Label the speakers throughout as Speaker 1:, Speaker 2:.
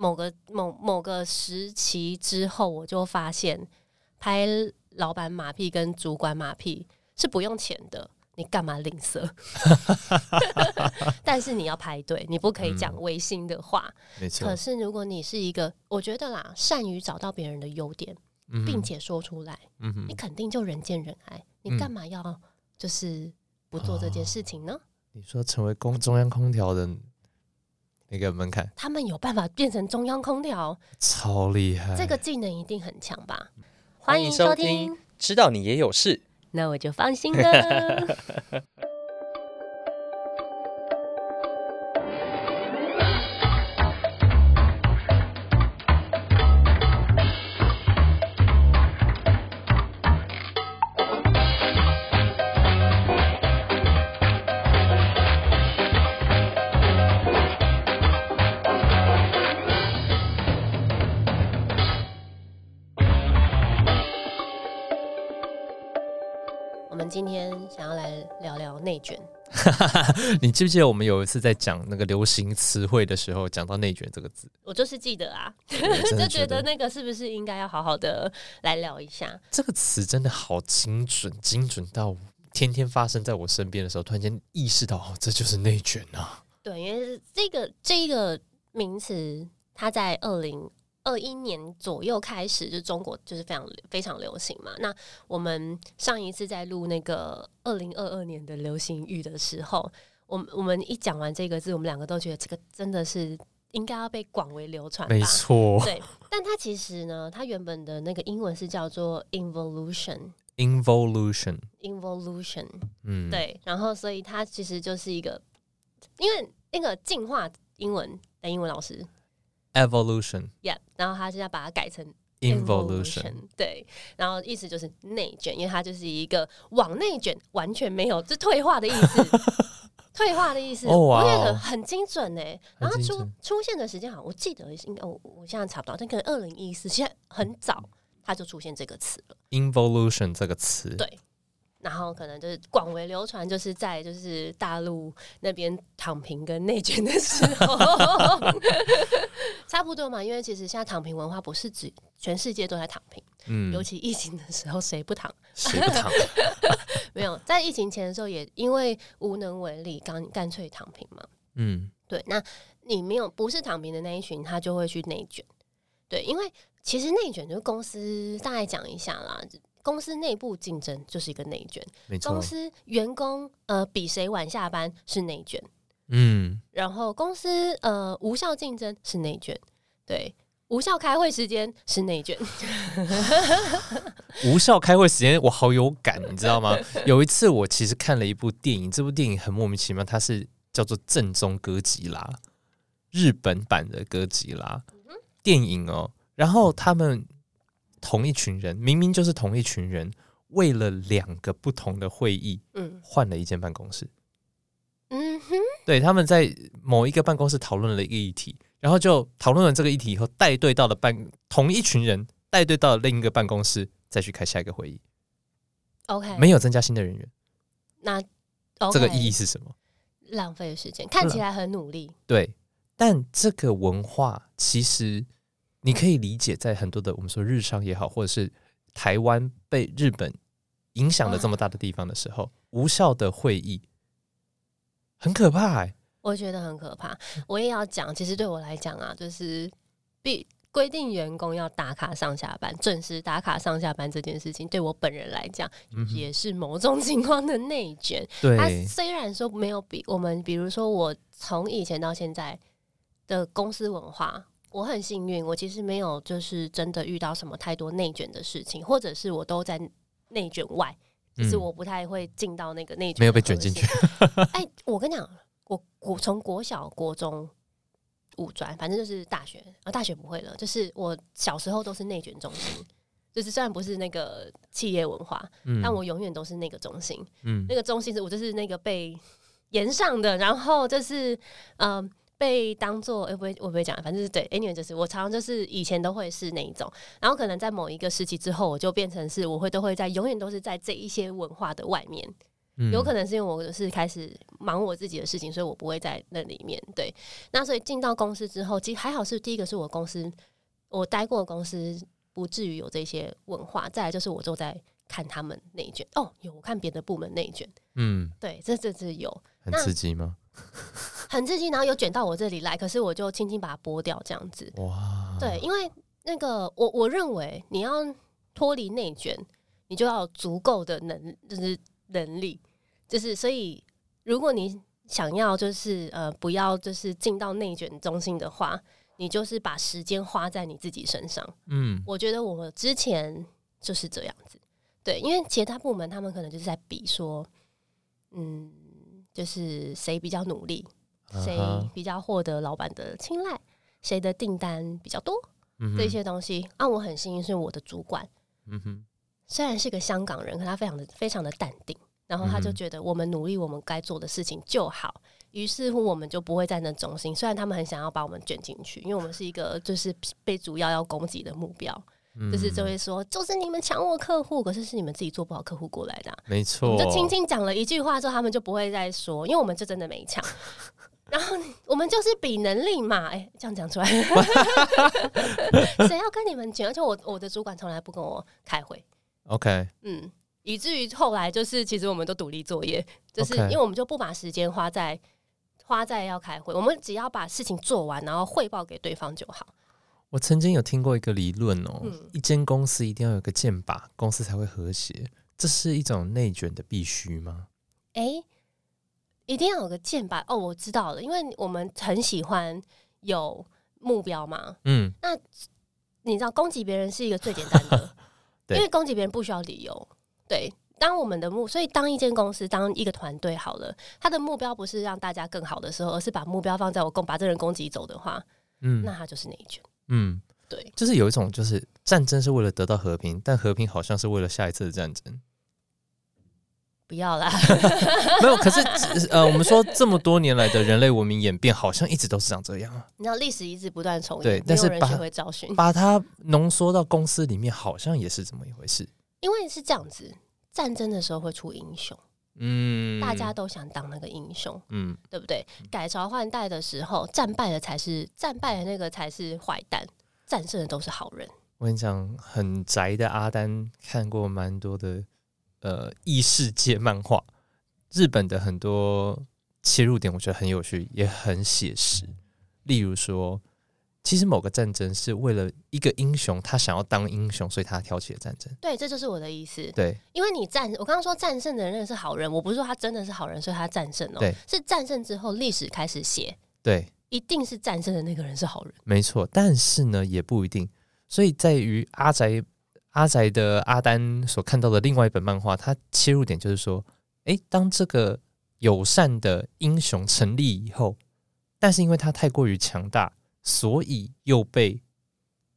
Speaker 1: 某個某某個時期之後，我就發現拍老闆馬屁跟主管馬屁是不用錢的，你幹嘛吝嗇？ 但是你要拍對，你不可以講違心的話，嗯。沒錯。可是如果你是一個，我覺得啦，善於找到別人的優點，嗯、哼並且說出來，嗯、哼你肯定就人見人愛。嗯、你幹嘛要就是不做這件事情呢？哦、
Speaker 2: 你說成為公中央空調的。一個門檻，
Speaker 1: 他們有辦法變成中央空調，
Speaker 2: 超厲害！這個
Speaker 1: 技能一定很強吧？嗯、歡迎收聽、嗯，
Speaker 2: 知道你也有事，
Speaker 1: 那我就放心了。 聊聊內卷，
Speaker 2: 你記不記得我們有一次在講那個流行詞彙的時候，講到內卷這個字，
Speaker 1: 我就是記得啊， 覺得 就覺得那個是不是應該要好好的來聊一下？這個
Speaker 2: 詞真的好精準，精準到天天發生在我身邊的時候，突然間意識到哦，這就是內卷啊！
Speaker 1: 對，因為這個這個名詞，它在二零二一年左右開始，就中國就是非常非常流行嘛。那我們上一次在錄那個二零二二年的流行語的時候，我們我們一講完這個字，我們兩個都覺得這個真的是應該要被廣為流傳。沒錯 錯，對。但它其實呢，它原本的那個英文是叫做
Speaker 2: involution，involution，involution。
Speaker 1: 嗯，對。然後，所以它其實就是一個，因為那個進化英文的英文老師。
Speaker 2: evolution，yeah，
Speaker 1: 然後他現在把它改成
Speaker 2: involution，
Speaker 1: v 對，然後意思就是內卷，因為它就是一個往內卷，完全沒有，是退化的意思， 退化的意思，我覺得很精準哎、欸。然後出出現的時間好像我記得是應該我我現在查不到，但可能二零一四，現在很早，它就出現這個詞了
Speaker 2: ，involution 這個詞，對。
Speaker 1: 然後可能就是廣為流傳，就是在就是大陸那邊躺平跟內卷的時候， 差不多嘛。因為其實現在躺平文化不是指全世界都在躺平，嗯，尤其疫情的時候誰不躺？誰不躺？ 沒有，在疫情前的時候也因為無能為力，剛乾脆躺平嘛。嗯，對。那你沒有不是躺平的那一群，他就會去內卷。對，因為其實內卷就是公司大概講一下啦。公司內部競爭就是一個內卷，沒錯嗯、公司員工呃比誰晚下班是內卷，嗯。然後公司呃無效競爭是內卷，對，無效開會時間是內卷。
Speaker 2: 無效開會時間我好有感，你知道嗎？有一次我其實看了一部電影，這部電影很莫名其妙，它是叫做《正宗哥吉拉》，日本版的哥吉拉，嗯、嗯哼電影哦、喔。然後他們。同一群人明明就是同一群人，為了兩個不同的會議，嗯，換了一間辦公室。
Speaker 3: 嗯哼，
Speaker 2: 對，他們在某一個辦公室討論了一個議題，然後就討論了這個議題以後，帶隊到了辦同一群人帶隊到了另一個辦公室，再去開下一個會議。
Speaker 1: OK，沒有增加新的人員，那、okay、這個意義是什麼？浪費時間，看起來很努力。
Speaker 2: 對，但這個文化其實。你可以理解，在很多的我們說日商也好，或者是台灣被日本影響的這麼大的地方的時候，啊、無效的會議很可怕，欸。
Speaker 1: 我覺得很可怕。我也要講，其實對我來講啊，就是必規定員工要打卡上下班，準時打卡上下班這件事情，對我本人來講也是某種情況的內捲。對，他雖然說沒有比我們，比如說我從以前到現在的公司文化。我很幸運，我其實沒有就是真的遇到什麼太多內捲的事情，或者是我都在內捲外，就、嗯、是我不太會進到那個內捲，沒有被捲進去。哎、 欸，我跟你講，我我從國小、國中、五專，反正就是大學啊，大學不會了。就是我小時候都是內捲中心，就是雖然不是那個企業文化，嗯、但我永遠都是那個中心。嗯，那個中心是我就是那個被延上的，然後就是嗯。呃被當做哎，欸、不會，我不會講，反正是對，anyway，就是我常常就是以前都會是那一種，然後可能在某一個時期之後，我就變成是我會都會在永遠都是在這一些文化的外面，嗯，有可能是因為我就是開始忙我自己的事情，所以我不會在那裡面。對，那所以進到公司之後，其實還好，是第一個是我公司，我待過的公司不至於有這些文化，再來就是我坐在看他們內卷，哦、喔，有我看別的部門內卷，嗯，對，這這這有，
Speaker 2: 很刺激嗎？
Speaker 1: 很自信，然後有卷到我這裡來，可是我就輕輕把它剝掉，這樣子。
Speaker 2: 哇，
Speaker 1: 對，因為那個我我認為你要脫離內卷，你就要有足夠的能，就是能力，就是所以如果你想要就是呃不要就是進到內卷中心的話，你就是把時間花在你自己身上。嗯，我覺得我之前就是這樣子，對，因為其他部門他們可能就是在比說，嗯。就是誰比較努力，
Speaker 3: 誰、uh huh. 比
Speaker 1: 較獲得老闆的青睞，誰的訂單比較多，嗯、哼這些東西。啊，我很幸運，是我的主管。嗯
Speaker 3: 哼，
Speaker 1: 雖然是個香港人，可他非常的非常的淡定。然後他就覺得，我們努力，我們該做的事情就好。於、嗯、哼是乎，我們就不會在那中心。雖然他們很想要把我們卷進去，因為我們是一個就是被主要要攻擊的目標。就是就會說，就是你們搶我客戶，可是是你們自己做不好，客戶過來的、啊。
Speaker 2: 沒錯錯，就輕輕
Speaker 1: 講了一句話之後，他們就不會再說，因為我們就真的沒搶。然後我們就是比能力嘛，哎、欸，這樣講出來，誰 要跟你們搶？而且我我的主管從來不跟我開會。OK，嗯，以至於後來就是其實我們都獨立作業，就是因為我們就不把時間花在花在要開會，我們只要把事情做完，然後匯報給對方就好。
Speaker 2: 我曾經有聽過一個理論哦，嗯、一間公司一定要有個箭靶，公司才會和諧。這是一種內卷的必須嗎？
Speaker 1: 哎、欸，一定要有個箭靶哦，我知道了，因為我們很喜歡有目標嘛。嗯，那你知道攻擊別人是一個最簡單的， 對因為攻擊別人不需要理由。對，當我們的目，所以當一間公司、當一個團隊好了，他的目標不是讓大家更好的時候，而是把目標放在我攻，把這人攻擊走的話，嗯，那他就是內卷。
Speaker 2: 嗯，對，就是有一種，就是戰爭是為了得到和平，但和平好像是為了下一次的戰爭。
Speaker 1: 不要啦， 沒有。可是呃， 我們說
Speaker 2: 這麼多年來的人類文明演變，好像一直都是長這樣啊。
Speaker 1: 你知道歷史一直不斷重演，對，但是人學會找尋。把它
Speaker 2: 濃縮到公司裡面，好像也是這麼一回事。
Speaker 1: 因為是這樣子，戰爭的時候會出英雄。嗯，大家都想當那個英雄，嗯，對不對？改朝換代的時候，戰敗的才是戰敗的那個才是壞蛋，戰勝的都是好人。
Speaker 2: 我跟你講，很宅的阿丹看過蠻多的呃異世界漫畫，日本的很多切入點我覺得很有趣，也很寫實。例如說。其實某個戰爭是為了一個英雄，他想要當英雄，所以他挑起了戰爭。
Speaker 1: 對，這就是我的意思。對，因為你戰，我剛剛說戰勝的人是好人，我不是說他真的是好人，所以他戰勝了哦。對，是戰勝之後歷史開始寫。對，一定是戰勝的那個人是好人。
Speaker 2: 沒錯，但是呢也不一定。所以在於阿宅，阿宅的阿丹所看到的另外一本漫畫，他切入點就是說，誒，當這個友善的英雄成立以後，但是因為他太過於強大。所以又被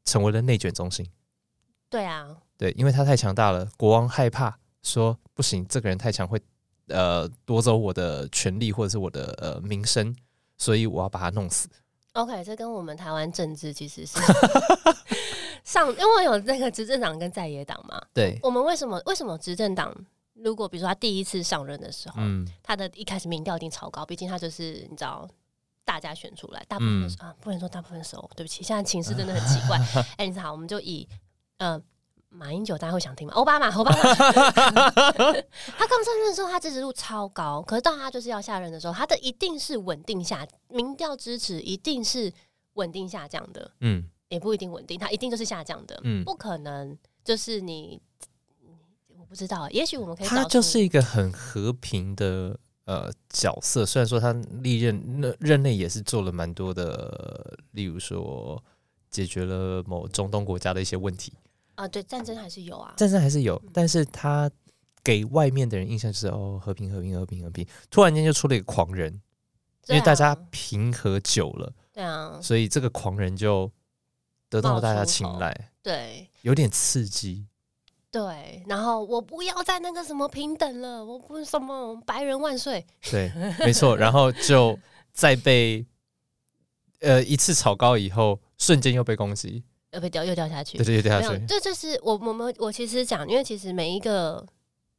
Speaker 2: 成為了內卷中心，
Speaker 1: 對啊，
Speaker 2: 對，因為他太強大了，國王害怕說不行，這個人太強，會呃奪走我的權力，或者是我的呃名聲，所以我要把他弄死。
Speaker 1: OK，這跟我們台灣政治其實是 上，因為有那個執政黨跟在野黨嘛。對，我們為什麼為什麼執政黨如果比如說他第一次上任的時候，嗯，他的一開始民調一定超高，畢竟他就是你知道。大家選出來，大部分的熟、嗯、啊，不能說大部分熟，對不起，現在情勢真的很奇怪。哎、啊哈欸，你好，我們就以呃馬英九，大家會想聽嗎？歐巴馬，歐巴馬， 他剛上任的時候，他支持度超高，可是到他就是要下任的時候，他的一定是穩定下，民調支持一定是穩定下降的。嗯，也不一定穩定，他一定就是下降的。嗯，不可能就是你，我不知道，也許我們可以，他就是
Speaker 2: 一個很和平的。呃，角色，雖然說他歷任那任內也是做了蠻多的，呃，例如說解決了某中東國家的一些問題
Speaker 1: 啊、呃，對，戰爭還是有啊，
Speaker 2: 戰爭還是有，但是他給外面的人印象是，嗯、哦和平、和平、和平、和平，突然間就出了一個狂人，啊，因為大家平和久了，對啊，所以這個狂人就得到了大家青睞，對，有點刺激。
Speaker 1: 對，然後我不要再那個什麼平等了，我不什麼白人萬歲。
Speaker 2: 對，沒錯，然後就在被呃一次炒高以後，瞬間又被攻擊，又被掉又掉下去，對，對，就
Speaker 1: 這就是我我們我，我其實講，因為其實每一個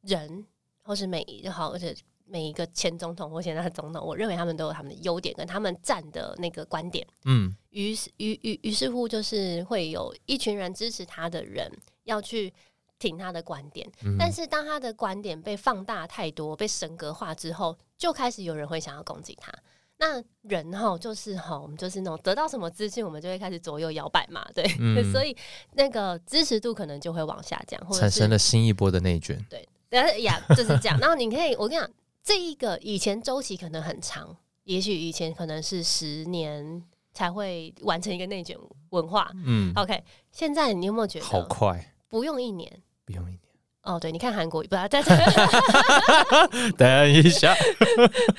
Speaker 1: 人，或是每好，而且每一個前總統或現在的總統，我認為他們都有他們的優點跟他們站的那個觀點。嗯，於於於，於是於於於是乎，就是會有一群人支持他的人要去。挺他的觀點，但是當他的觀點被放大太多，嗯、被神格化之後，就開始有人會想要攻擊他。那人吼，就是吼，我們就是那種得到什麼資訊，我們就會開始左右搖擺嘛，對。嗯、所以那個支持度可能就會往下降，或產生了
Speaker 2: 新一波的內卷。對，
Speaker 1: 然後呀，就是這樣。然後你可以， 我跟你講，這一個以前週期可能很長，也許以前可能是十年才會完成一個內卷文化。嗯，OK，現在你有沒有覺得好快？不用一年。不用一年哦，對，你看韓國，不要、啊，
Speaker 2: 等一下，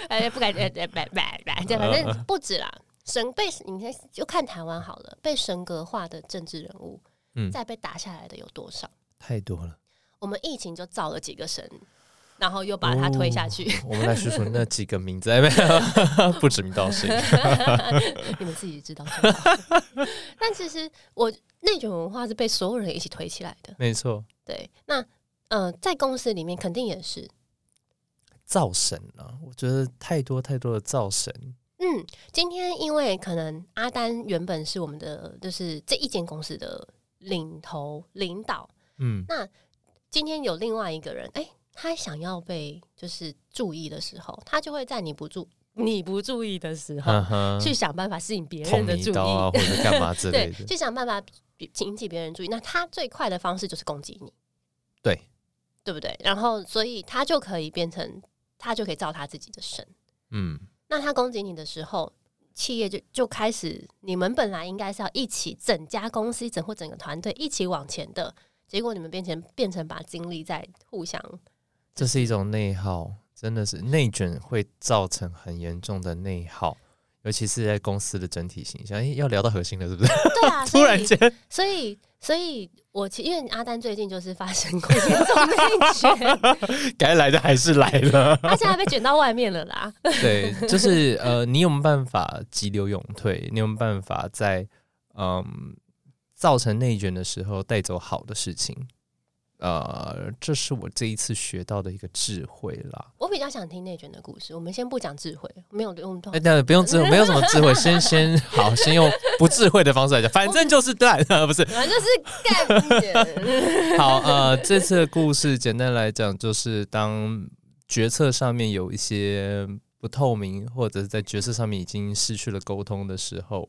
Speaker 1: 哎，不敢言言言，哎，拜拜拜，反正不止啦，神被你看，就看台灣好了。被神格化的政治人物，嗯，再被打下來的有多少？
Speaker 2: 太多了。
Speaker 1: 我們疫情就造了幾個神。然後又把他推下去。Oh, 我們來說說那幾
Speaker 2: 個名字， 不指名道姓，你們自己知
Speaker 1: 道是不是？ 但其實我那種文化是被所有人一起推起來的，沒錯錯。對，那、呃、在公司裡面肯定也是
Speaker 2: 造神了、啊。我覺得太多太多的造神。
Speaker 1: 嗯，今天因為可能阿丹原本是我們的，就是這一間公司的領頭領導。嗯，那今天有另外一個人，哎、欸。他想要被就是注意的時候，他就會在你不注你
Speaker 2: 不注意的時候、啊、哈去想辦法吸引別人的注意，啊、或者幹嘛之類的， 對，去
Speaker 1: 想辦法引起別人注意。那他最快的方式就是攻擊你，對，對不對？然後，所以他就可以變成他就可以造他自己的神。嗯，那他攻擊你的時候，企業就就開始，你們本來應該是要一起整家公司、整或整個團隊一起往前的，結果你們變成變成把精力在互相。
Speaker 2: 這是一種內耗，真的是內卷會造成很嚴重的內耗，尤其是在公司的整體形象。欸，要聊到核心了，是不是？ 對啊，突然間，
Speaker 1: 所以，所以我，因為阿丹最近就是發生過這種內
Speaker 2: 卷，該 來的還是來了。 他現在
Speaker 1: 還被卷到外面了啦。對，就是
Speaker 2: 呃，你有沒有辦法急流勇退？你有沒有辦法在嗯造成內卷的時候帶走好的事情？呃，這是我這一次學到的一個智慧啦。
Speaker 1: 我比較想聽內卷的故事。我們先不講智慧，沒有用哎，那不、欸、不用智慧，沒有什麼智慧。 先先好，先用不智慧
Speaker 2: 的方式來講。反正就是幹我、啊，不是，反正就是
Speaker 3: 幹。 好，
Speaker 2: 呃，這次的故事簡單來講，就是當決策上面有一些不透明，或者是在決策上面已經失去了溝通的時候，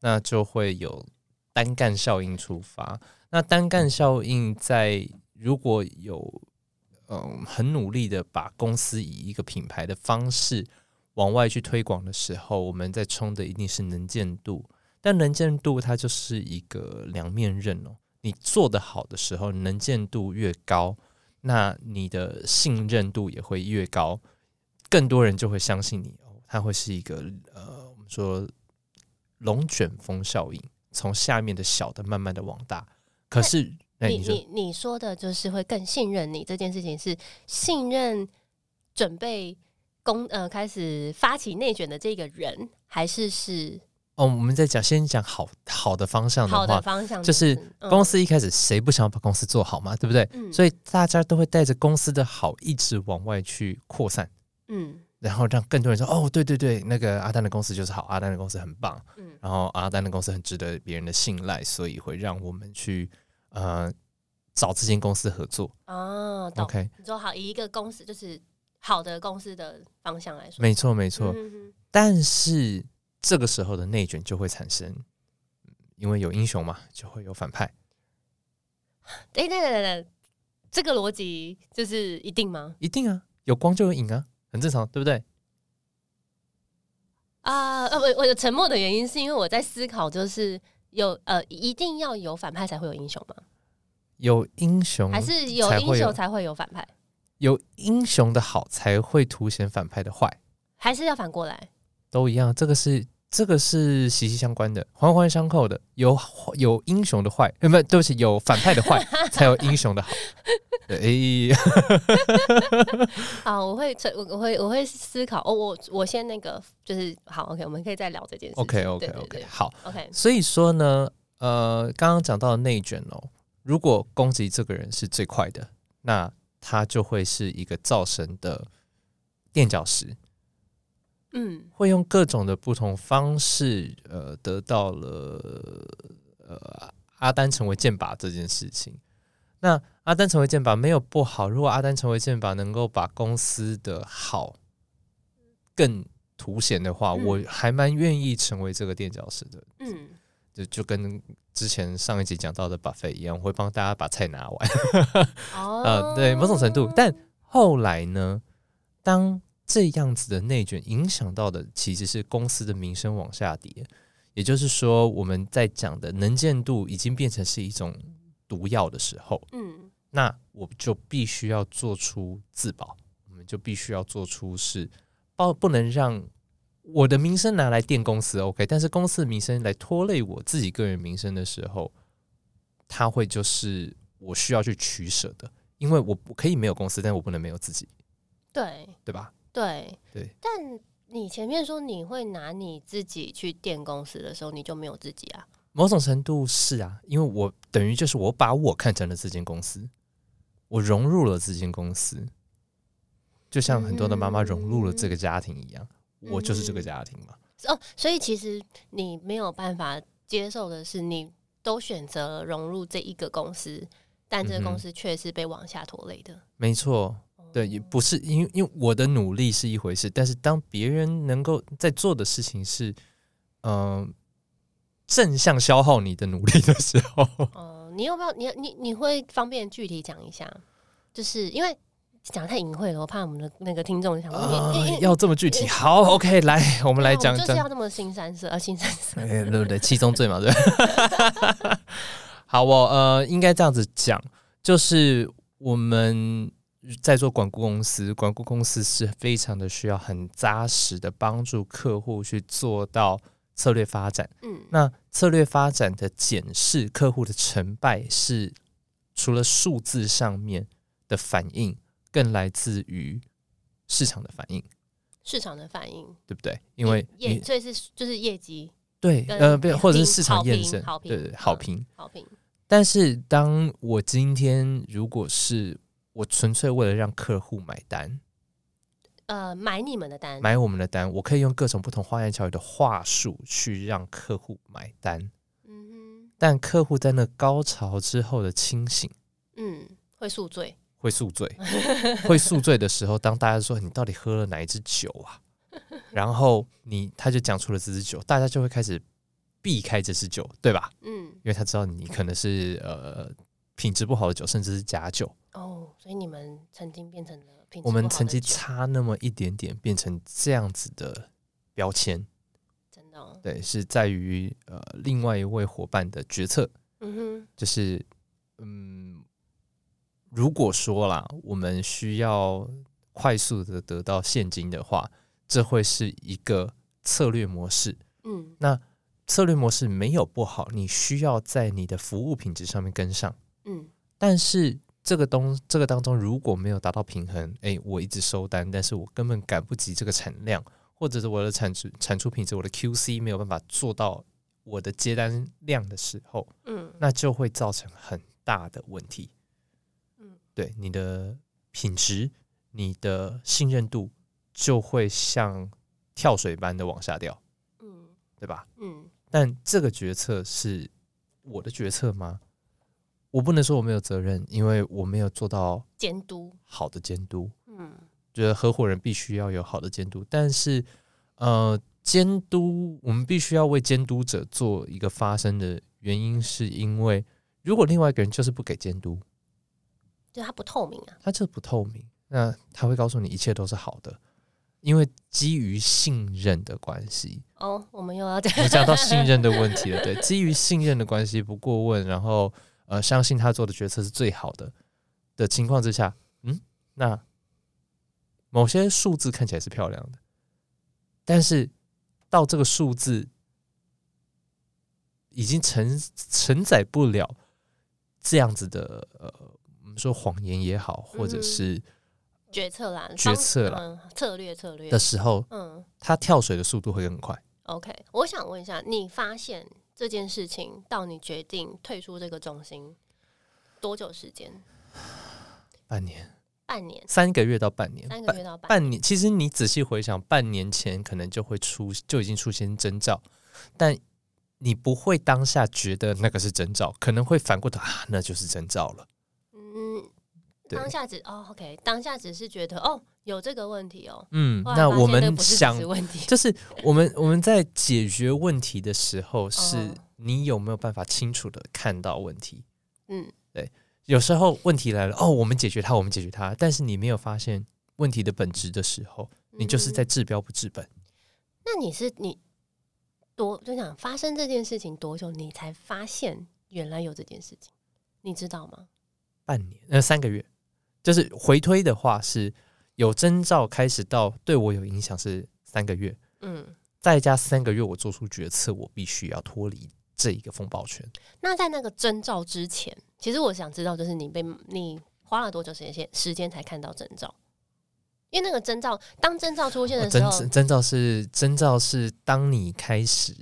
Speaker 2: 那就會有單幹效應出發。那單幹效應在如果有，嗯，很努力的把公司以一個品牌的方式往外去推廣的時候，我們在衝的一定是能見度。但能見度它就是一個兩面刃哦。你做得好的時候，能見度越高，那你的信任度也會越高，更多人就會相信你哦。它會是一個呃，我們說龍捲風效應，從下面的小的慢慢的往大，可是。你你
Speaker 1: 你說的就是會更信任你這件事情，是信任準備工呃開始發起內捲的這個人還是是
Speaker 2: 哦？我們在講先講好好的方向的話，好的方向就是公司一開始誰不想要把公司做好嘛，對不對？所以大家都會帶着公司的好一直往外去擴散，嗯，然後讓更多人說哦，對對對，那個阿丹的公司就是好，阿丹的公司很棒，嗯，然後阿丹的公司很值得別人的信賴，所以會讓我們去。呃，找資金公司合作啊，哦，OK，你
Speaker 1: 說好以一個公司就是好的公司的方向來說，沒錯沒錯。沒錯，嗯哼哼，
Speaker 2: 但是這個時候的內卷就會產生，因為有英雄嘛，就會有反派。
Speaker 1: 對，對，對，對。這個邏輯就是一定嗎？
Speaker 2: 一定啊，有光就有影啊，很正常，對不對？
Speaker 1: 啊，呃，我我的沉默的原因是因為我在思考，就是。有呃，一定要有反派才會有英雄嗎？
Speaker 2: 有英雄有還是有英雄才會有反派？有英雄的好才會凸顯反派的壞，
Speaker 1: 還是要反過來？
Speaker 2: 都一樣，這個是。這個是息息相關的，環環相扣的。有有英雄的壞，哎，不，對不起，有反派的壞， 才有英雄的好。
Speaker 1: 對，
Speaker 2: 哎、欸，
Speaker 1: 好，我會，我會，我會思考。哦，我我先那個，就是好，OK，我們可以再聊這件事情。OK，OK，OK，對對對，好，OK。
Speaker 2: 所以說呢，呃，剛剛講到內捲哦，如果攻擊這個人是最快的，那他就會是一個造神的墊腳石。嗯、會用各種的不同方式，呃，得到了呃阿丹成為箭靶這件事情。那阿丹成為箭靶沒有不好，如果阿丹成為箭靶能夠把公司的好更凸顯的話，嗯、我還蠻願意成為這個墊腳石的。嗯、就就跟之前上一集講到的 buffet 一樣，我會幫大家把菜拿完、 啊。嗯、對，某種程度，但後來呢，當。這樣子的內卷影響到的其實是公司的名聲往下跌，也就是說，我們在講的能見度已經變成是一種毒藥的時候，嗯，那我就必須要做出自保，我們就必須要做出是不不能讓我的名聲拿來墊公司 OK，但是公司的名聲來拖累我自己個人名聲的時候，他會就是我需要去取捨的，因為我我可以沒有公司，但我不能沒有自己，
Speaker 1: 對對吧？對對，但你前面說你會拿你自己去墊公司的時候，你就沒有自己啊？
Speaker 2: 某種程度是啊，因為我等於就是我把我看成了這間公司，我融入了這間公司，就像很多的媽媽融入了這個家庭一樣，嗯、我就是這個家庭嘛。
Speaker 1: 哦，所以其實你沒有辦法接受的是，你都選擇融入這一個公司，但這個公司卻是被往下拖累的。嗯、
Speaker 2: 沒錯。對，也不是因為因為我的努力是一回事，但是當別人能夠在做的事情是，嗯、呃，正向消耗你的努力的時候，
Speaker 1: 呃、你要不要？你要你你會方便具體講一下？就是因為講得太隱晦了，我怕我們的那個聽眾想說，要這麼具體。好
Speaker 2: ，OK，來，我們來講，啊、我就是要
Speaker 1: 這麼新三色，啊、新三色，
Speaker 2: 對不對？七宗罪嘛，對。好，我呃，應該這樣子講，就是我們。在做管顧公司，管顧公司是非常的需要很紮實的幫助客戶去做到策略發展。嗯，那策略發展的檢視客戶的成敗，是除了數字上面的反應，更來自於市場的反應。
Speaker 1: 市場的反應，
Speaker 2: 對不對？因為
Speaker 1: 這、嗯、是就是業績，對，跟呃，或者是市場驗證，對，好評對，好評。嗯、好
Speaker 2: 評，但是當我今天如果是。我純粹為了讓客戶買單，
Speaker 1: 呃，買你們的單，買
Speaker 2: 我們的單，我可以用各種不同花言巧語的話術去讓客戶買單。嗯哼，但客戶在那高潮之後的清醒，嗯，
Speaker 1: 會宿醉，
Speaker 2: 會宿醉，
Speaker 1: 會
Speaker 2: 宿醉的時候，當大家說你到底喝了哪一支酒啊？然後你他就講出了這支酒，大家就會開始避開這支酒，對吧？嗯，因為他知道你可能是呃品質不好的酒，甚至是假酒。
Speaker 1: 哦，oh, 所以你們曾經變成了的我們曾經
Speaker 2: 差那麼一點點，變成這樣子的標籤，真的、哦、對，是在於呃，另外一位夥伴的決策。嗯哼，就是嗯，如果說啦，我們需要快速的得到現金的話，這會是一個策略模式。嗯，那策略模式沒有不好，你需要在你的服務品質上面跟上。嗯，但是。這個東，這個當中如果沒有達到平衡，誒、欸，我一直收單，但是我根本趕不及這個產量，或者是我的產出、產出品質，我的 QC 沒有辦法做到我的接單量的時候，嗯，那就會造成很大的問題，嗯，對，你的品質，你的信任度就會像跳水般的往下掉，嗯，對吧？嗯，但這個決策是我的決策嗎？我不能說我沒有責任，因為我沒有做到監督好的監督。嗯，覺得合夥人必須要有好的監督，但是呃，監督我們必須要為監督者做一個發聲的原因，是因為如果另外一個人就是不給監督，
Speaker 1: 就他不透明啊，
Speaker 2: 他就不透明。那他會告訴你一切都是好的，因為基於信任的關係。
Speaker 1: 哦，我們又要講到信任的問題了。對， 基
Speaker 2: 於信任的關係不過問，然後。呃，相信他做的決策是最好的的情況之下，嗯，那某些數字看起來是漂亮的，但是到這個數字已經承承載不了這樣子的呃，我們說謊言也好，或者是、嗯、決策啦決策啦、嗯、策略策略的時候，嗯，他跳水的速度會更快。
Speaker 1: OK，我想問一下，你發現？這件事情到你決定退出這個中心多久時間？
Speaker 2: 半年，半年，三個月到半年，三個月到半年。其實你仔細回想，半年前可能就會出，就已經出現徵兆，但你不會當下覺得那個是徵兆，可能會反過頭啊，那就是徵兆
Speaker 1: 了。嗯，對當下只哦，OK，當下只是覺得哦。有這個問題哦、喔，嗯，那我們想就是
Speaker 2: 我們我們在解決問題的時候，是你有沒有辦法清楚的看到問題？嗯，對，有時候問題來了，哦，我們解決它，我們解決它，但是你沒有發現問題的本質的時候，你就是在治標不治本。
Speaker 1: 嗯、那你是你多就想發生這件事情多久？你才發現原來有這件事情？你知道嗎？
Speaker 2: 半年，呃，三個月，就是回推的話是。有徵兆開始到對我有影響是三個月，嗯，再加三個月我做出決策，我必須要脫離這一個風暴圈。
Speaker 1: 那在那個徵兆之前，其實我想知道，就是你被你花了多久時間，時間才看到徵兆？因為那個徵兆，當徵兆出現的時候，哦、徵，
Speaker 2: 徵兆是徵兆是當你開始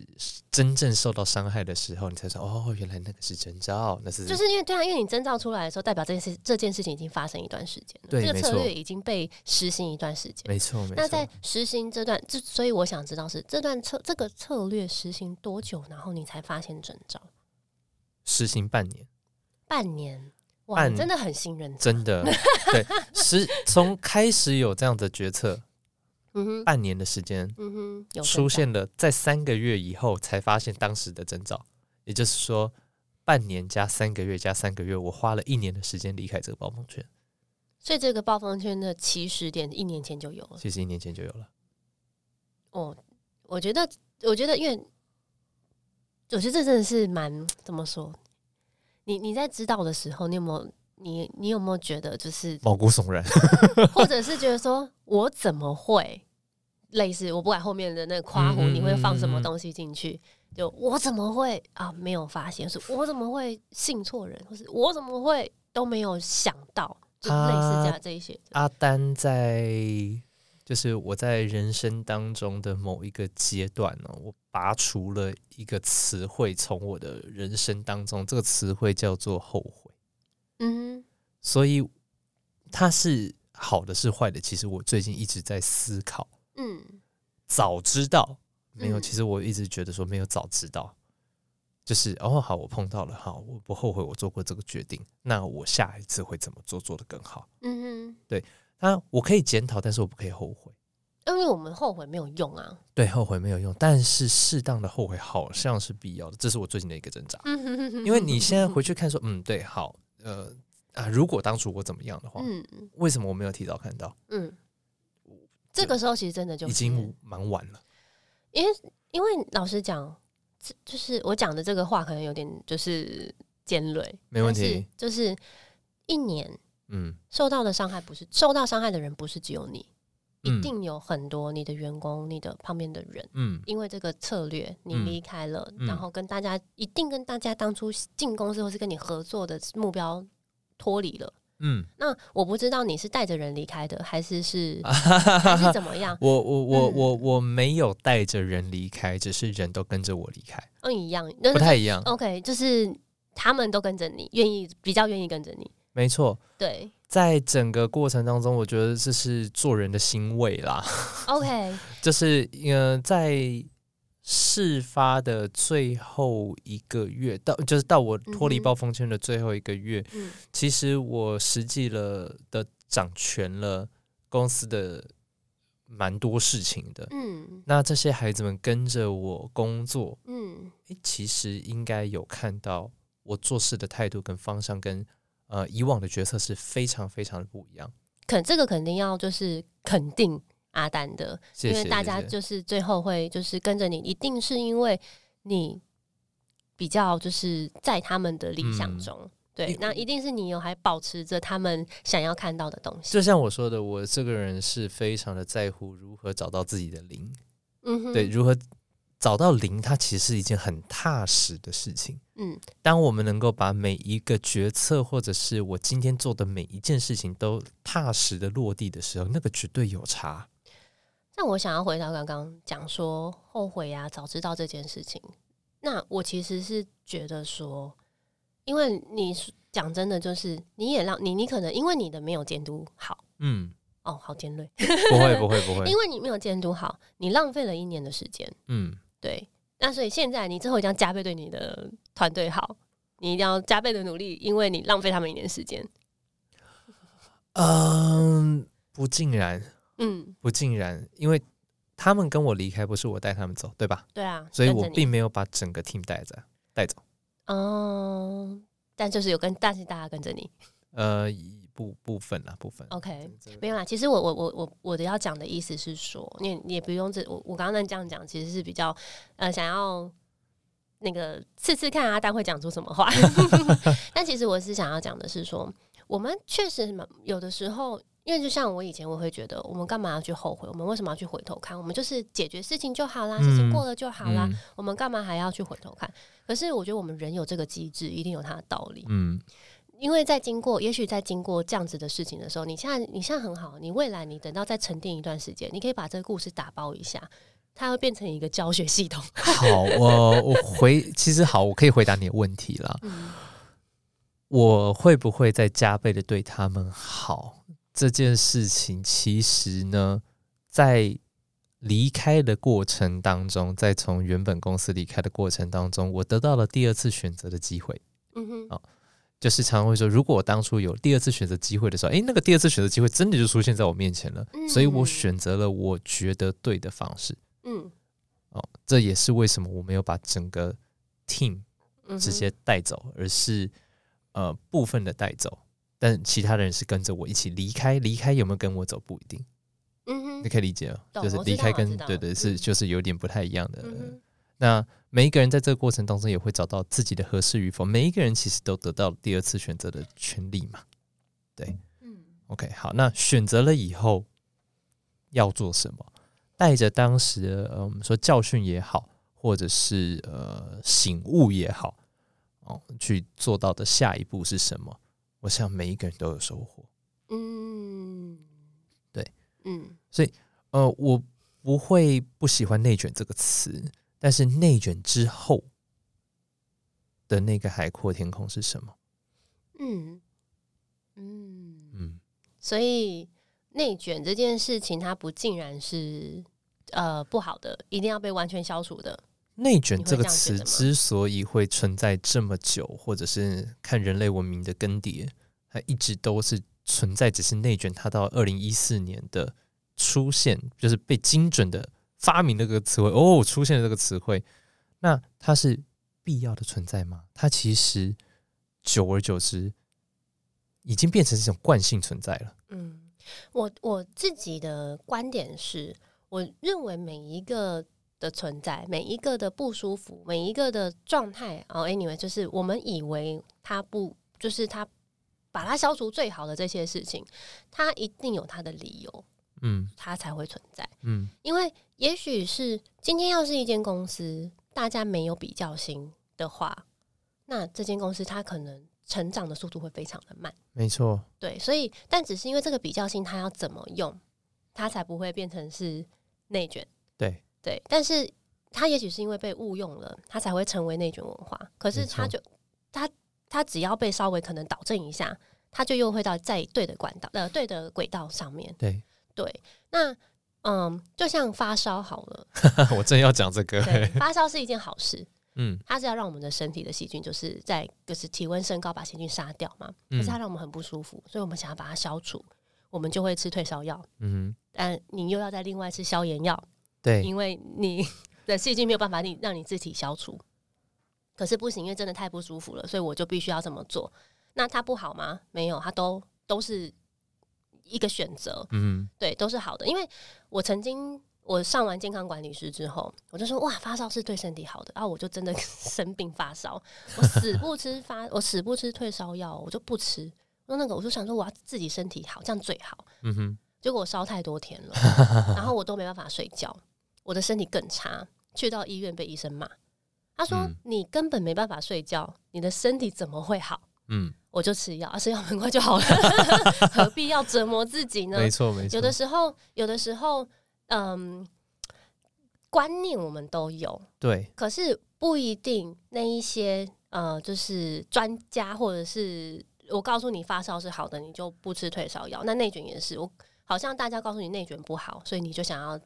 Speaker 2: 真正受到傷害的時候，你才說哦，原來那個是徵兆，那是就是
Speaker 1: 因為對啊，因為你徵兆出來的時候，代表這件事這件事情已經發生一段時間了，對，這個策略已經被實行一段時間，沒
Speaker 2: 錯，沒錯。那在
Speaker 1: 實行這段，之所以我想知道是這段策這個策略實行多久，然後你才發現徵兆？
Speaker 2: 實行半年，
Speaker 1: 半年。哇，按真的很信任，真的
Speaker 2: 對，是從開始有這樣的決策，嗯哼，半年的時間，嗯哼，出現了在三個月以後才發現當時的徵兆，也就是說，半年加三個月加三個月，我花了一年的時間離開這個暴風圈，
Speaker 1: 所以這個暴風圈的起始點一年前就有了，
Speaker 2: 其實一年前就有
Speaker 1: 了。哦，我覺得，我覺得，因為我覺得這真的是蠻，怎麼說？你你在知道的時候，你有沒有你你有沒有覺得就是毛骨悚然， 或者是覺得說，我怎麼會類似？我不管後面的那個括弧，嗯、你會放什麼東西進去？就我怎麼會啊？沒有發現，是我怎麼會信錯人，或是我怎麼會都沒有想到？就類似這樣這一些。
Speaker 2: 啊、對阿丹在就是我在人生當中的某一個階段呢、喔，我。拔除了一個詞彙從我的人生當中，這個詞彙叫做後悔。嗯哼，所以它是好的是壞的，其實我最近一直在思考。嗯，早知道沒有，其實我一直覺得說沒有早知道，嗯、就是哦好，我碰到了哈，我不後悔我做過這個決定，那我下一次會怎麼做，做得更好。嗯嗯哼。對，那我可以檢討，但是我不可以後悔。
Speaker 1: 因為我們後悔沒有用啊，
Speaker 2: 對，後悔沒有用，但是適當的後悔好像是必要的，這是我最近的一個掙扎。嗯哼
Speaker 1: 哼哼，因
Speaker 2: 為你現在回去看說，嗯，對，好，呃啊，如果當初我怎麼樣的話，嗯，為什麼我沒有提早看到？嗯，
Speaker 1: 就這個時候其實真的就是，已經
Speaker 2: 蠻晚了，
Speaker 1: 因為因為老實講，就是我講的這個話可能有點就是尖銳，沒問題，但是就是一年，嗯，受，受到的傷害不是受到傷害的人不是只有你。嗯、一定有很多你的員工，你的旁邊的人，嗯，因為這個策略你離開了，嗯、然後跟大家一定跟大家當初進公司或是跟你合作的目標脫離了，嗯，那我不知道你是帶着人離開的，還是是、啊、哈哈哈哈還是怎麼樣？我
Speaker 2: 我我我、嗯、我沒有帶着人離開，只是人都跟着我離開。
Speaker 1: 嗯，一樣，不太一樣。OK，就是他們都跟着你，願意比較願意跟着你。
Speaker 2: 沒錯。對。在整個過程當中，我覺得這是做人的欣慰啦。OK， 就是嗯、呃，在事發的最後一個月，到就是到我脫離暴風圈的最後一個月，嗯、哼其實我實際了的掌權了公司的蠻多事情的。嗯，那這些孩子們跟着我工作，嗯，其實應該有看到我做事的態度跟方向跟。呃，以往的角色是非常非常不一樣。
Speaker 1: 肯，這個肯定要就是肯定阿丹的，謝謝，因為大家就是最後會就是跟着你，一定是因為你比較就是在他們的理想中，嗯、對，欸、那一定是你有還保持着他們想要看到的東西。
Speaker 2: 就像我說的，我這個人是非常的在乎如何找到自己的靈。
Speaker 1: 嗯
Speaker 3: 哼，對，
Speaker 2: 如何。找到零，它其實是一件很踏實的事情。嗯，當我們能夠把每一個決策，或者是我今天做的每一件事情都踏實的落地的時候，那個絕對有差。
Speaker 1: 那我想要回到剛剛講說後悔呀、啊，早知道這件事情。那我其實是覺得說，因為你講真的，就是你也讓你，你可能因為你的沒有監督好，嗯，哦，好尖銳， 不會不會不會，因為你沒有監督好，你浪費了一年的時間，嗯。對，那所以現在你之後一定要加倍對你的團隊好，你一定要加倍的努力，因為你浪費他們一年時間。
Speaker 2: 呃、嗯，不盡然，嗯，不盡然，因為他們跟我離開，不是我帶他們走，對吧？對
Speaker 1: 啊，所以我並
Speaker 2: 沒有把整個 team 帶着帶走。哦、
Speaker 1: 呃，但就是有跟，但是大家跟着你，
Speaker 2: 呃。部部分吶，部分。
Speaker 1: OK，正沒有啦。其實我我我我我的要講的意思是說，你也不用這我我剛剛這樣講，其實是比較呃想要那個試試看阿、啊、丹會講出什麼話。 但其實我是想要講的是說，我們確實有的時候，因為就像我以前我會覺得，我們幹嘛要去後悔？我們為什麼要去回頭看？我們就是解決事情就好啦，嗯、事情過了就好啦。嗯、我們干嘛還要去回頭看？可是我覺得我們人有這個機制，一定有它的道理。嗯。因為在經過，也許在經過這樣子的事情的時候，你現在，你現在很好，你未來，你等到再沉澱一段時間，你可以把這個故事打包一下，它會變成一個教學系統。好，我、哦、我回，
Speaker 2: 其實好，我可以回答你的問題了。嗯、我會不會再加倍的對他們好？這件事情其實呢，在離開的過程當中，在從原本公司離開的過程當中，我得到了第二次選擇的機會。嗯哼，好、啊。就是常常會說，如果我當初有第二次選擇機會的時候，哎，那個第二次選擇機會真的就出現在我面前了，嗯、哼所以我選擇了我覺得對的方式。嗯，哦，這也是為什麼我沒有把整個 team 直接帶走，嗯、哼而是呃部分的帶走，但其他人是跟着我一起離開。離開有沒有跟我走不一定，嗯哼，你可以理解嗎？懂就是離開跟，跟對對是、嗯、就是有點不太一樣的。嗯那每一個人在這個過程當中也會找到自己的合適與否。每一個人其實都得到了第二次選擇的權利嘛？對，嗯，OK，好。那選擇了以後要做什麼？帶着當時的呃，我們說教訓也好，或者是呃醒悟也好，哦，去做到的下一步是什麼？我想每一個人都有收穫。
Speaker 3: 嗯，
Speaker 2: 對，嗯。所以呃，我不會不喜歡“內卷”這個詞。但是內卷之後的那個海闊天空是什麼？嗯嗯
Speaker 1: 嗯。嗯嗯，所以內卷這件事情，它不盡然是呃不好的，一定要被完全消除的。
Speaker 2: 內卷這個詞之所以會存在這麼久，嗯、或者是看人類文明的更迭，它一直都是存在。只是內卷，它到二零一四年的出現，就是被精準的。發明那個詞彙哦，出現了這個詞彙，那它是必要的存在嗎？它其實久而久之已經變成這種慣性存在了。
Speaker 1: 嗯，我我自己的觀點是，我認為每一個的存在，每一個的不舒服，每一個的狀態，哦，anyway，就是我們以為它不，就是它把它消除最好的這些事情，它一定有它的理由。嗯，它才會存在。嗯，因為也許是今天要是一間公司大家沒有比較心的話，那這間公司它可能成長的速度會非常的慢。
Speaker 2: 沒錯 錯，
Speaker 1: 對，所以但只是因為這個比較心，它要怎麼用，它才不會變成是內卷。對對，但是它也許是因為被誤用了，它才會成為內卷文化。可是它就沒錯 它它只要被稍微可能導正一下，它就又會到在對的管道呃對的軌道上面。對。對，那嗯，就像發燒好了，
Speaker 2: 我正要講這個、欸對。發
Speaker 1: 燒是一件好事，嗯，它是要讓我們的身體的細菌，就是在就是體溫升高把細菌殺掉嘛。嗯、可是它讓我們很不舒服，所以我們想要把它消除，我們就會吃退燒藥。嗯哼，但你又要再另外吃消炎藥，對，因為你的細菌沒有辦法你讓你自己消除，可是不行，因為真的太不舒服了，所以我就必須要這麼做。那它不好嗎？沒有，它都都是。一個選擇，嗯哼，對，都是好的。因為我曾經我上完健康管理師之後，我就說哇，發燒是對身體好的，然後我就真的生病發燒，我死不吃發， 我死不吃退燒藥，我就不吃。說那個，我就想說我要自己身體好，這樣最好。嗯哼，結果我燒太多天了，然後我都沒辦法睡覺，我的身體更差，去到醫院被醫生罵，他說，嗯，你根本沒辦法睡覺，你的身體怎麼會好？嗯。我就吃藥，啊，吃藥很快就好了， 何必要折磨自己呢？沒錯，沒錯。有的時候，有的時候，嗯，觀念我們都有，對。可是不一定，那一些呃，就是專家或者是我告訴你發燒是好的，你就不吃退燒藥。那內卷也是，我好像大家告訴你內卷不好，所以你就想要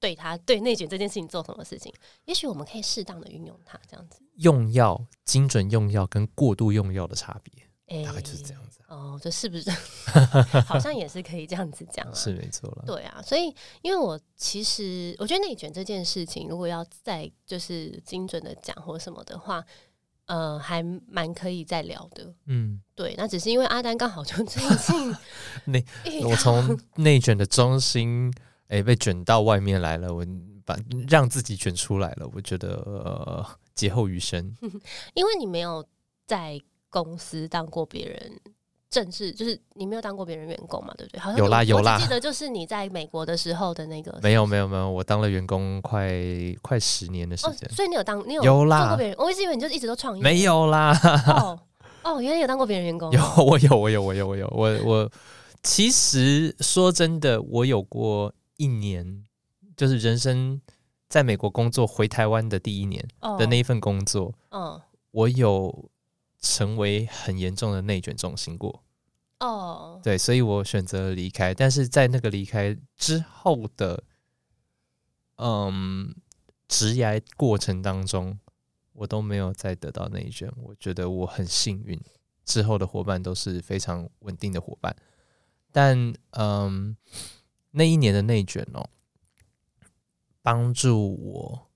Speaker 1: 對它對內卷這件事情做什麼事情？也許我們可以適當的運用它，這樣子
Speaker 2: 用藥精準用藥跟過度用藥的差別。
Speaker 1: 大概就是這樣子、欸、哦，這、就是不是好像也是可以這樣
Speaker 2: 子講啊？ 是沒錯啦，
Speaker 1: 對啊，所以因為我其實我覺得內捲這件事情，如果要再就是精準的講或什麼的話，呃，還蠻可以再聊的。嗯，對，那只是因為阿丹剛好就最近內， 我從
Speaker 2: 內捲的中心哎、欸、被捲到外面來了，我把讓自己捲出來了，我覺得、呃、劫後餘生，
Speaker 1: 因為你沒有在。公司當過別人，正式就是你沒有當過別人員工嘛？對不對？有啦有啦，有啦，我記得就是你在美國的時候的那個是，是沒
Speaker 2: 有沒有沒有，我當了員工快快十年的時間。哦，所以
Speaker 1: 你有當，你有做過別人，啦我一直以為你就一直都創業，沒有啦。哦哦，原來有當過別人員工， 有，我
Speaker 2: 有我有我有我有我我。其實說真的，我有過一年，就是人生在美國工作回台灣的第一年的那一份工作，嗯、哦，哦、我有。成為很嚴重的內卷中心過。哦，oh. 對，所以我選擇離開。但是在那個離開之後的，嗯，職涯過程當中，我都沒有再得到內卷，我覺得我很幸運。之後的夥伴都是非常穩定的夥伴，但嗯，那一年的內卷哦、喔，幫助我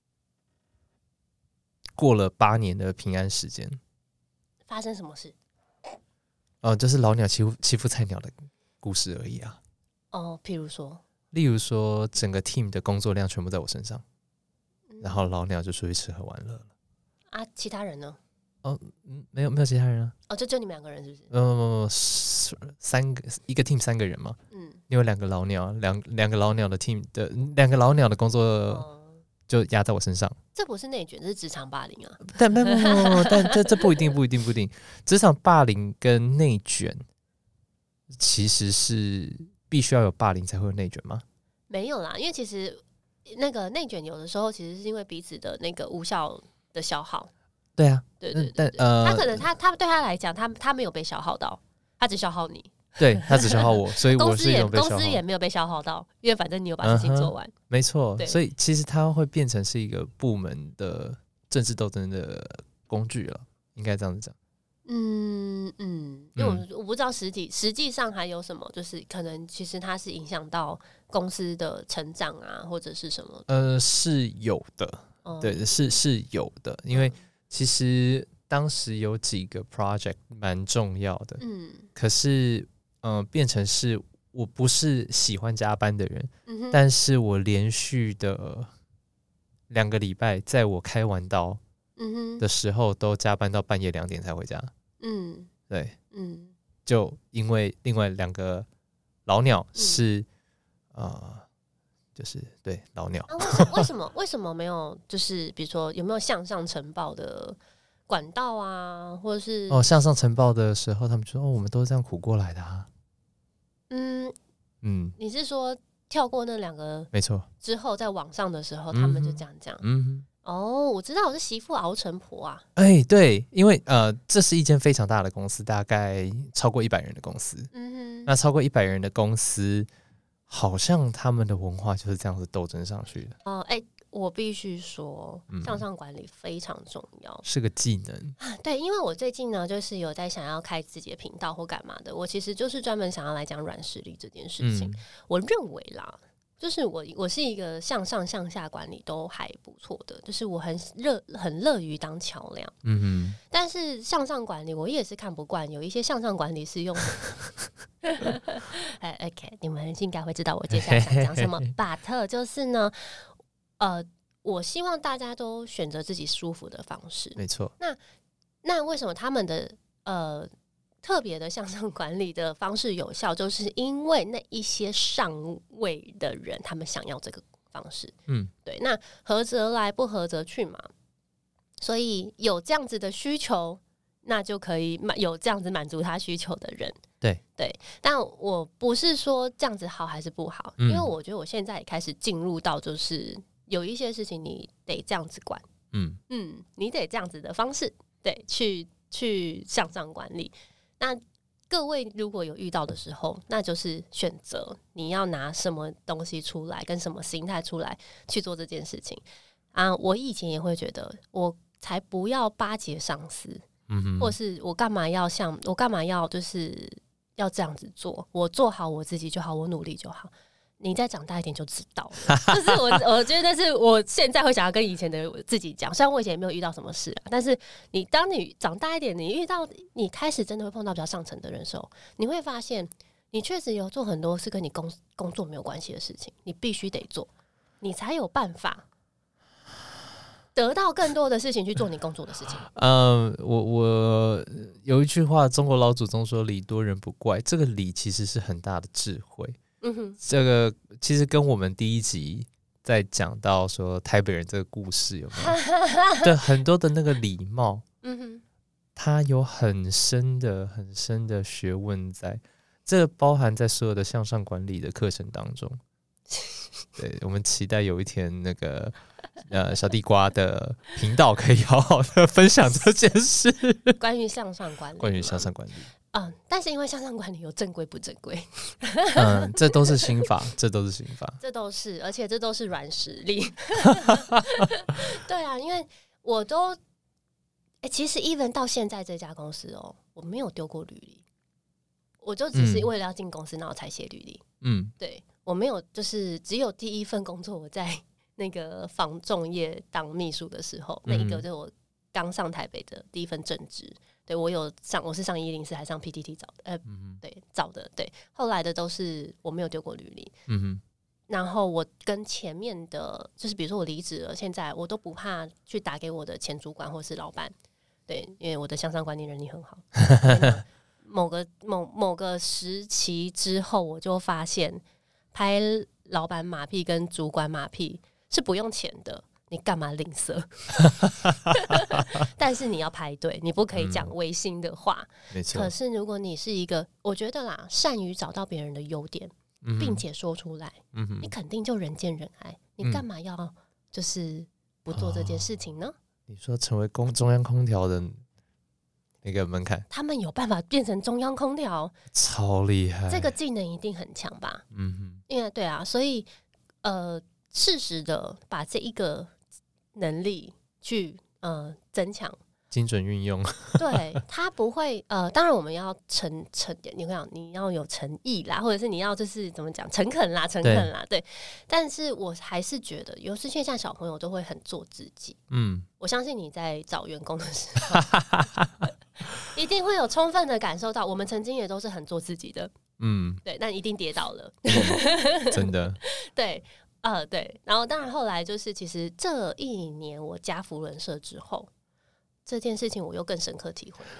Speaker 2: 過了八年的平安時間。
Speaker 1: 發生什麼事？
Speaker 2: 哦，就是老鳥欺負欺負菜鳥的故事而已啊。
Speaker 1: 哦，譬如說，
Speaker 2: 例如說，整個 team 的工作量全部在我身上，嗯、然後老鳥就出去吃喝玩樂
Speaker 1: 了。啊，其他人呢？哦、嗯，
Speaker 2: 沒有，沒有其他人啊。哦，這就，就你們兩個人，是不是？嗯、呃，三個，一個 team 三個人嘛。嗯，你有兩個老鳥，兩兩個老鳥的 team 的兩個老鳥的工作的。哦就壓在我身上，
Speaker 1: 這不是內卷，這是職場霸凌啊！但沒
Speaker 2: 有沒有，但這這不一定不一定不一定，職場霸凌跟內卷其實是必須要有霸凌才會有內卷嗎？
Speaker 1: 沒有啦，因為其實那個內卷有的時候其實是因為彼此的那個無效的消耗。對
Speaker 2: 啊，對對對，但呃，
Speaker 1: 他可能他他對他來講，他他沒有被消耗到，他只消耗你。對他只消耗我，所以我是一種被消耗，公司也公司也沒有被消耗到，因為反正你有把事情做完，嗯、沒錯。對所以
Speaker 2: 其實他會變成是一個部門的政治鬥爭的工具了，應該這樣子講。嗯嗯，
Speaker 1: 因為我我不知道實體實際上還有什麼，就是可能其實他是影響到公司的成長啊，或者是什麼？
Speaker 2: 呃，是有的，嗯、對，是是有的，因為其實當時有幾個 project 蠻重要的，嗯，可是。嗯、呃，變成是我不是喜歡加班的人，嗯、哼但是我連續的兩個禮拜，在我開完刀嗯的時候，都加班到半夜兩點才回家。嗯，對，嗯，就因為另外兩個老鳥是啊、嗯呃，就是對老鳥、
Speaker 1: 啊，為什麼 為什麼沒有？就是比如說有沒有向上呈報的管道啊，或者是哦向上
Speaker 2: 呈報的時候，他們說哦，我們都是這樣苦過來的啊。
Speaker 1: 嗯嗯，嗯，你是說跳過那兩個沒錯，之後在網上的時候，嗯嗯、他們就講這樣，嗯哼，哦，我知道我是媳婦熬成婆啊，
Speaker 2: 哎、欸、對，因為呃，這是一間非常大的公司，大概超過一百人的公司，嗯哼，那超過一百人的公司，好像他們的文化就是這樣子鬥爭上去的，
Speaker 1: 哦哎。欸我必須說，向上管理非常重要，嗯、
Speaker 2: 是個技能、
Speaker 1: 啊、對，因為我最近呢，就是有在想要開自己的頻道或幹嘛的。我其實就是專門想要來講軟實力這件事情。嗯、我認為啦，就是我我是一個向上向下管理都還不錯的，就是我很熱、很樂於當橋樑。嗯嗯哼。但是向上管理我也是看不慣，有一些向上管理是用。哎 ，OK，你們應該會知道我接下來想講什麼。 But 就是呢。呃，我希望大家都選擇自己舒服的方式。沒錯。那那為什麼他們的呃特別的向上管理的方式有效？就是因為那一些上位的人他們想要這個方式。嗯，對。那合則來，不合則去嘛。所以有這樣子的需求，那就可以滿有這樣子滿足他需求的人。對對。但我不是說這樣子好還是不好，嗯，因為我覺得我現在也開始進入到就是。有一些事情你得這樣子管，嗯嗯，你得這樣子的方式，對，去去向上管理。那各位如果有遇到的時候，那就是選擇你要拿什麼東西出來，跟什麼心態出來去做這件事情啊。我以前也會覺得，我才不要巴結上司，嗯哼，或是我幹嘛要像我幹嘛要就是要這樣子做，我做好我自己就好，我努力就好。你再長大一點就知道了， 就是我，我覺得，是我現在會想要跟以前的自己講。雖然我以前也沒有遇到什麼事啊，但是你當你長大一點，你遇到你開始真的會碰到比較上層的人時候，你會發現，你確實有做很多是跟你工工作沒有關係的事情，你必須得做，你才有辦法得到更多的事情去做你工作的事情。 嗯，
Speaker 2: 我我有一句話，中國老祖宗說“禮多人不怪”，這個禮其實是很大的智慧。嗯哼，這個其實跟我們第一集在講到說台北人這個故事有沒有？ 對，很多的那個禮貌，嗯哼，它有很深的、很深的學問在，這個、包含在所有的向上管理的課程當中。 對，我們期待有一天那個呃小地瓜的頻道可以好好的分享這件事。
Speaker 1: 關於向，向上管理，關於
Speaker 2: 向上管理。
Speaker 1: 嗯，但是因為向上管理有正規不正規， 嗯，這都是心
Speaker 2: 法，這都是心法，
Speaker 1: 這都是，而且這都是軟實力。 對啊，因為我都，哎、欸，其實 even 到現在這家公司哦，我沒有丟過履歷，我就只是為了要進公司，然後、嗯、才寫履歷。嗯，對我沒有，就是只有第一份工作我在那個房仲業當秘書的時候，嗯、那一個就是我剛上台北的第一份正職。對，我有上，我是上一零四還上 PTT 找的，呃，嗯、哼對，找的，對，後來的都是我沒有丟過履歷，嗯哼然後我跟前面的，就是比如說我離職了，現在我都不怕去打給我的前主管或是老板，對，因為我的向上管理能力很好。 某個某某個時期之後，我就發現拍老板馬屁跟主管馬屁是不用錢的。你幹嘛吝嗇？ 但是你要排隊，你不可以講違心的話。嗯、沒錯。可是如果你是一個，我覺得啦，善於找到別人的優點，嗯、哼並且說出來，嗯、哼你肯定就人見人愛。嗯、你幹嘛要就是不做這件事情呢？哦、
Speaker 2: 你說成為公中央空調的那個門檻，
Speaker 1: 他們有辦法變成中央空調，
Speaker 2: 超厲害。這個
Speaker 1: 技能一定很強吧？嗯哼。因為對啊，所以呃，適時的把這一個。能力去呃增強
Speaker 2: 精準運用， 對，
Speaker 1: 他不會呃，當然我們要誠誠，你會講你，你要有誠意啦，或者是你要就是怎麼講誠懇啦，誠懇啦，對，對。但是我還是覺得，尤其是現在小朋友，都會很做自己。嗯，我相信你在找員工的時候， 一定會有充分的感受到，我們曾經也都是很做自己的。嗯，對，那一定跌倒了，
Speaker 2: 嗯、真的。
Speaker 1: 對。啊，對，然後當然後來就是，其實這一年我加福人社之後，這件事情我又更深刻體會了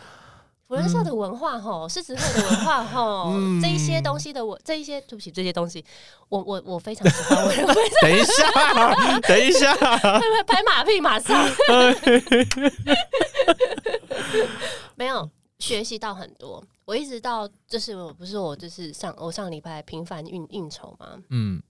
Speaker 1: 福人社的文化吼，獅、嗯、子會的文化吼，嗯、這一些東西的我，我這一些對不起，這些東西，我我我非常喜歡我的文化，我非常
Speaker 3: 等一下，等一下，會
Speaker 1: 不會拍馬屁？馬上， 沒有學習到很多。我一直到就是，我不是我就是上我上禮拜頻繁運應酬嘛，嗯。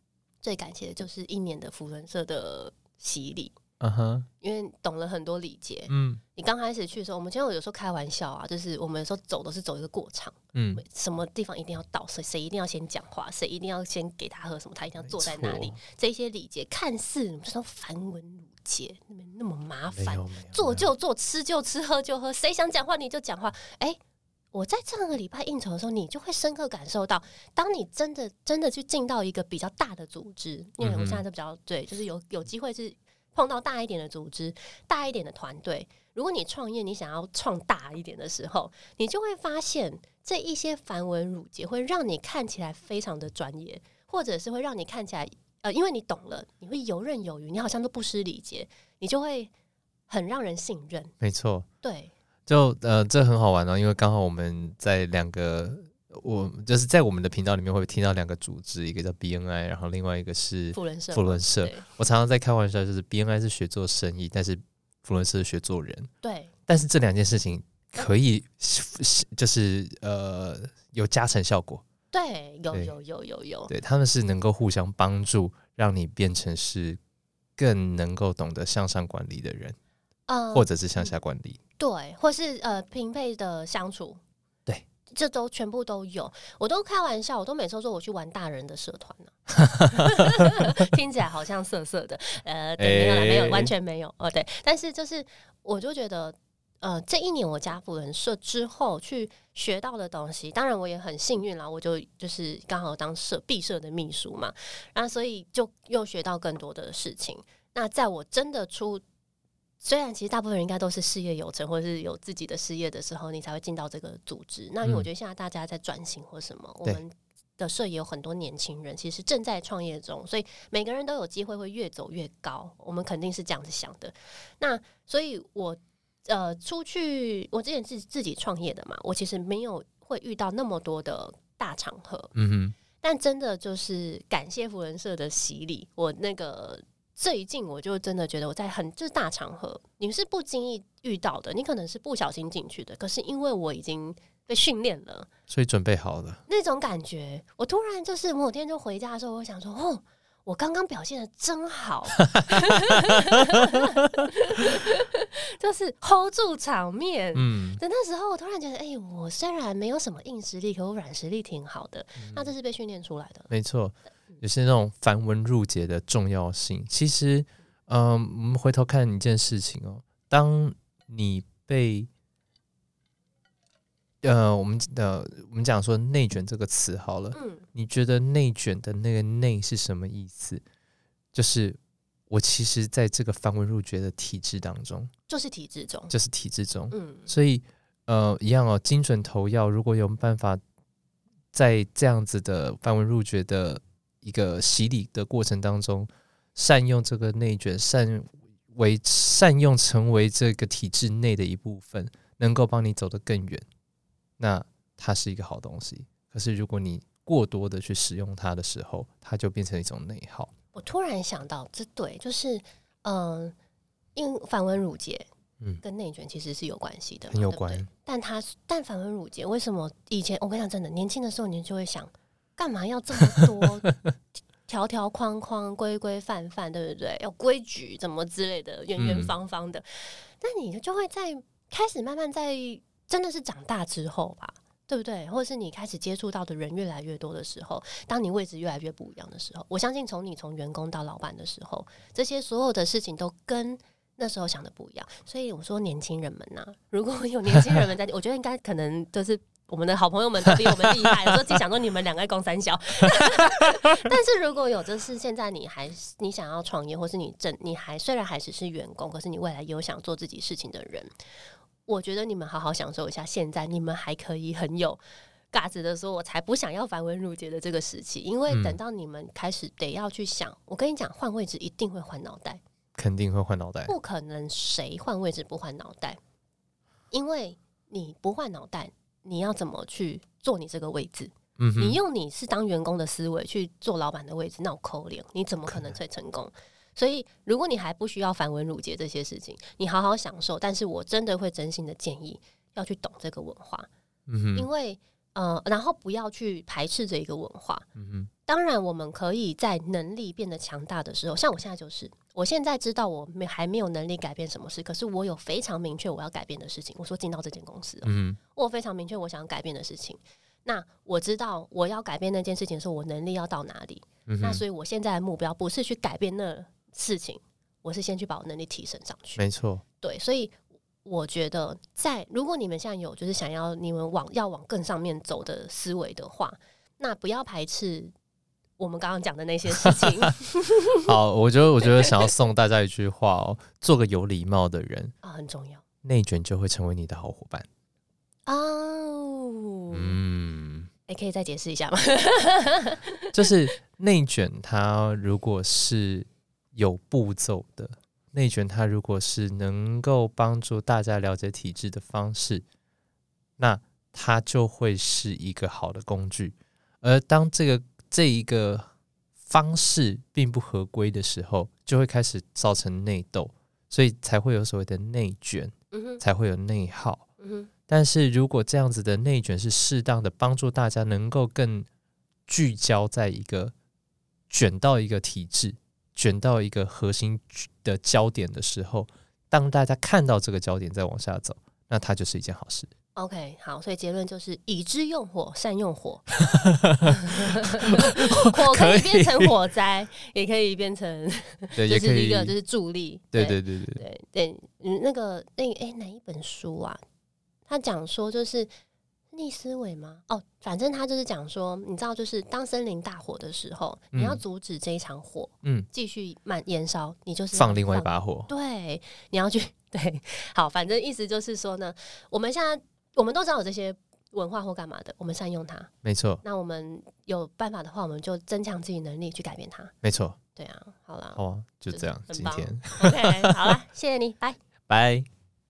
Speaker 1: 最感謝的就是一年的扶輪社的洗禮，嗯哼、uh，huh. 因為懂了很多禮節。嗯，你剛開始去的時候，我們其實有時候開玩笑啊，就是我們說走都是走一個過場，嗯，什麼地方一定要到，誰誰一定要先講話，誰一定要先給他喝什麼，他一定要坐在哪裡，錯這些禮節看似非說繁文縟節，那，那麼麻煩，做就做，吃就吃，喝就喝，誰想講話你就講話，誒、欸。我在這個禮拜應酬的時候，你就會深刻感受到，當你真的真的去進到一個比較大的組織，因為我們現在都比較對，就是有有機會是碰到大一點的組織、大一點的團隊。如果你創業，你想要創大一點的時候，你就會發現這一些繁文縟節會讓你看起來非常的專業，或者是會讓你看起來呃，因為你懂了，你會游刃有餘，你好像都不失禮節，你就會很讓人信任。
Speaker 2: 沒錯，對。就呃，這很好玩哦，因為剛好我們在兩個，我就是在我們的頻道裡面會聽到兩個組織，一個叫 BNI，然後另外一個是扶輪社。扶輪社，對我常常在開玩笑，就是 BNI 是學做生意，但是扶輪社是學做人。對，但是這兩件事情可以、嗯、是就是呃有加成效果。對，有有有有有，有有有對，他們是能夠互相幫助，讓你變成是更能夠懂得向上管理的人，嗯、或者是向下管理。嗯
Speaker 1: 對，或是呃，平輩的相處，對，這都全部都有。我都開玩笑，我都每次說，我去玩大人的社團呢、啊， 聽起來好像色色的。呃，對沒有啦，欸欸欸沒有，完全沒有。哦，對，但是就是，我就覺得，呃，這一年我加入人社之後，去學到的東西，當然我也很幸運啦。我就就是剛好當社畢設的秘書嘛，然後所以就又學到更多的事情。那在我真的出雖然其實大部分人應該都是事業有成，或者是有自己的事業的時候，你才會進到這個組織。那因為我覺得現在大家在轉型或什麼，嗯、我們的社也有很多年輕人其實正在創業中，所以每個人都有機會會越走越高。我們肯定是這樣子想的。那所以我，我呃出去，我之前是自己創業的嘛，我其實沒有會遇到那麼多的大場合。嗯哼。但真的就是感謝扶輪社的洗禮，我那個。最近我就真的覺得我在很就是大場合，你是不經意遇到的，你可能是不小心進去的，可是因為我已經被訓練了，
Speaker 2: 所以準備好了
Speaker 1: 那種感覺。我突然就是某天就回家的時候，我想說，哦，我剛剛表現得真好， 就是 hold 住場面。嗯，等那時候我突然覺得，哎、欸，我雖然沒有什麼硬實力，可我軟實力挺好的，嗯、那這是被訓練出來
Speaker 2: 的，沒錯。有些那種繁文縟節的重要性，其實，嗯，我們回頭看一件事情哦，當你被，呃，我們的、呃、我們講說“內卷”這個詞好了，嗯，你覺得“內卷”的那個“內”是什麼意思？就是我其實在這個繁文縟節的體制當中，就是體制中，就是體制中，嗯，所以，呃，一樣哦，精準投藥，如果有辦法在這樣子的繁文縟節的一個洗禮的過程當中，善用這個內卷，善為善用成為這個體制內的一部分，能夠幫你走得更遠。那它是一個好東西。可是如果你過多的去使用它的時候，它就變成一種內耗。
Speaker 1: 我突然想到，這對就是嗯、呃，因為繁文縟節，嗯，跟內卷其實是有關係的，嗯、對對很有關。但它但繁文縟節，為什麼以前我跟你講，真的年輕的時候，你就會想。幹嘛要這麼多條條框框、規規範範，對不對？要規矩怎麼之類的，圓圓方方的。嗯、那你就會在開始慢慢在，真的是長大之後吧，對不對？或者是你開始接觸到的人越來越多的時候，當你位置越來越不一樣的時候，我相信從你從員工到老闆的時候，這些所有的事情都跟那時候想的不一樣。所以我說，年輕人們吶、啊，如果有年輕人們在， 我覺得應該可能就是。我們的好朋友們都比我們厲害， 有時候就想說你們兩個共三小。 但是如果有就是現在你還你想要創業，或是你正你還雖然還是是員工，可是你未來有想做自己事情的人，我覺得你們好好享受一下現在你們還可以很有嘎子的時候，我才不想要繁文縟節的這個時期。因為等到你們開始得要去想，嗯、我跟你講，換位置一定會換腦袋，
Speaker 2: 肯定會換腦袋，不
Speaker 1: 可能誰換位置不換腦袋，因為你不換腦袋。你要怎麼去做你這個位置？嗯、哼你用你是當員工的思維去做老板的位置，那我扣臉，你怎麼可能最成功？Okay. 所以，如果你還不需要繁文縟節這些事情，你好好享受。但是我真的會真心的建議要去懂這個文化，
Speaker 3: 嗯、哼因
Speaker 1: 為。嗯、呃，然後不要去排斥這一個文化。嗯哼，當然，我們可以在能力變得強大的時候，像我現在就是，我現在知道我沒還沒有能力改變什麼事，可是我有非常明確我要改變的事情。我說進到這間公司，喔，嗯哼，我非常明確我想要改變的事情。那我知道我要改變那件事情的時候，我能力要到哪裡？嗯哼。那所以，我現在的目標不是去改變那事情，我是先去把我能力提升上去。沒錯，對，所以。我覺得在，在如果你們現在有就是想要你們往要往更上面走的思維的話，那不要排斥我們剛剛講的那些事情。
Speaker 2: 好，我覺得，我覺得想要送大家一句話哦，做個有禮貌的人啊、哦，
Speaker 1: 很重要。
Speaker 2: 內卷就會成為你的好夥伴
Speaker 1: 啊。
Speaker 2: 哦、嗯，
Speaker 1: 也、欸、可以再解釋一下嗎？
Speaker 2: 就是內卷，它如果是有步驟的。內卷，它如果是能夠幫助大家了解體制的方式，那它就會是一個好的工具。而當這個這一個方式並不合規的時候，就會開始造成內鬥，所以才會有所謂的內卷，嗯、哼才會有內耗。嗯、哼但是如果這樣子的內卷是適當的幫助大家能夠更聚焦在一個卷到一個體制。卷到一個核心的焦點的時候，當大家看到這個焦點再往下走，那它就是一件好事。
Speaker 1: OK，好，所以結論就是：已知用火，善用火， 火可以變成火災， 也可以變成，對就是一個就是助力。對對對對對對，嗯，那個那個哎、欸欸、哪一本書啊？他講說就是。逆思維嗎？哦，反正他就是講說，你知道，就是當森林大火的時候，你要阻止這一場火，嗯，繼續蔓延燒，你就是放另外一把火，對，你要去對，好，反正意思就是說呢，我們現在我們都知道有這些文化或幹嘛的，我們善用它，沒錯。那我們有辦法的話，我們就增強自己能力去改變它，沒錯。對啊，好啦，哦，就這樣，今天，OK，好啦，謝謝你，拜
Speaker 3: 拜。